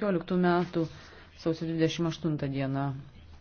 2015 metų sausio 28 dieną